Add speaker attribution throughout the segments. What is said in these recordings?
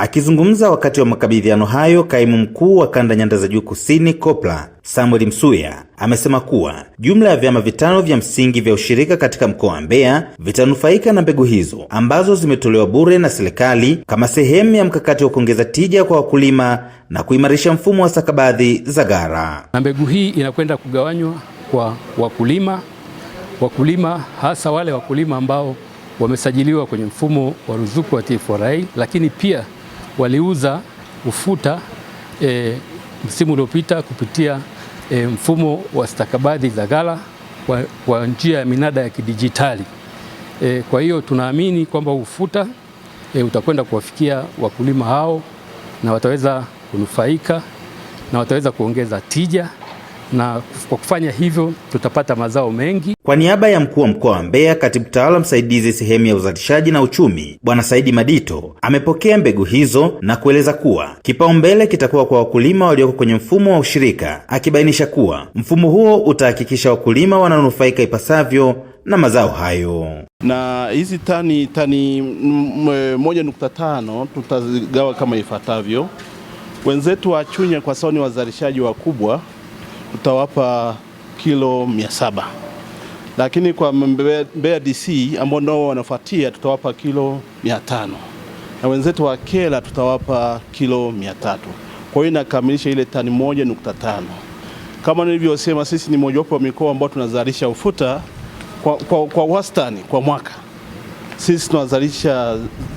Speaker 1: Akizungumza wakati wa makabidhiano hayo, kaimu mkuu wa kanda nyanda za juu kusini Kopla Samuel Msuya amesema kuwa jumla ya vyama vitano vya msingi vya ushirika katika mkoa wa Mbeya vitanufaika na mbegu hizo ambazo zimetolewa bure na serikali kama sehemu ya mkakati wa kuongeza tija kwa wakulima na kuimarisha mfumo wa sakabadhi za gara.
Speaker 2: Na mbegu hii inakwenda kugawanywa kwa wakulima, wakulima hasa wale wakulima ambao wamesajiliwa kwenye mfumo wa ruzuku wa TFRA, lakini pia waliuza ufuta e, msimu uliopita kupitia e, mfumo wa stakabadhi za ghala kwa, kwa njia ya minada ya kidijitali e, kwa hiyo tunaamini kwamba ufuta e, utakwenda kuwafikia wakulima hao na wataweza kunufaika na wataweza kuongeza tija na kwa kufanya hivyo tutapata mazao mengi.
Speaker 1: Kwa niaba ya mkuu wa mkoa wa Mbeya, katibu tawala msaidizi sehemu ya uzalishaji na uchumi, Bwana Saidi Madito amepokea mbegu hizo na kueleza kuwa kipaumbele kitakuwa kwa wakulima walioko kwenye mfumo wa ushirika, akibainisha kuwa mfumo huo utahakikisha wakulima wananufaika ipasavyo na mazao hayo.
Speaker 3: Na hizi tani tani 1.5 tutazigawa kama ifuatavyo. Wenzetu wa Chunya kwa sababu ni wazalishaji wakubwa utawapa kilo mia saba lakini kwa Mbeya DC ambao nao wanafuatia tutawapa kilo mia tano na wenzetu wa Kela tutawapa kilo mia tatu Kwa hiyo inakamilisha ile tani moja nukta tano. Kama nilivyosema, sisi ni mojawapo wa mikoa ambao tunazalisha ufuta kwa, kwa, kwa wastani kwa mwaka sisi tunazalisha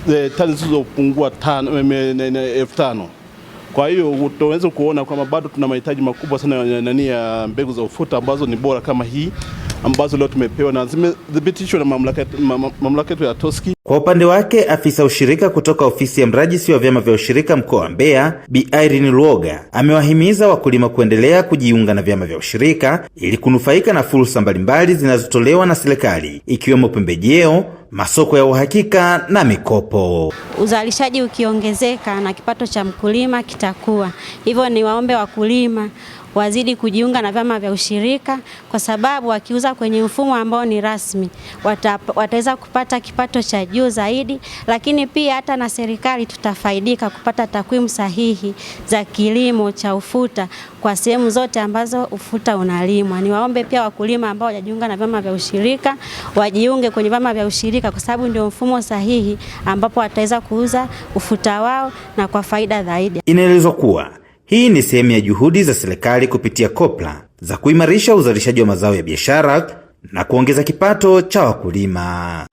Speaker 3: eh, tani zilizopungua eh, elfu tano kwa hiyo utaweza kuona kwamba bado tuna mahitaji makubwa sana nani ya mbegu za ufuta ambazo ni bora kama hii ambazo leo tumepewa na zimethibitishwa na mamlaka mamlaka yetu ya Toski.
Speaker 1: Kwa upande wake, afisa ushirika kutoka ofisi ya mrajisi wa vyama vya ushirika mkoa wa Mbeya, Bi Irene Luoga, amewahimiza wakulima kuendelea kujiunga na vyama vya ushirika ili kunufaika na fursa mbalimbali zinazotolewa na serikali ikiwemo pembejeo masoko ya uhakika na mikopo.
Speaker 4: Uzalishaji ukiongezeka na kipato cha mkulima kitakuwa hivyo. Ni waombe wakulima wazidi kujiunga na vyama vya ushirika, kwa sababu wakiuza kwenye mfumo ambao ni rasmi wataweza kupata kipato cha juu zaidi, lakini pia hata na serikali tutafaidika kupata takwimu sahihi za kilimo cha ufuta kwa sehemu zote ambazo ufuta unalimwa. Niwaombe pia wakulima ambao wajajiunga na vyama vya ushirika wajiunge kwenye vyama vya ushirika, kwa sababu ndio mfumo sahihi ambapo wataweza kuuza ufuta wao na kwa faida zaidi.
Speaker 1: Inaelezwa kuwa hii ni sehemu ya juhudi za serikali kupitia COPRA za kuimarisha uzalishaji wa mazao ya biashara na kuongeza kipato cha wakulima.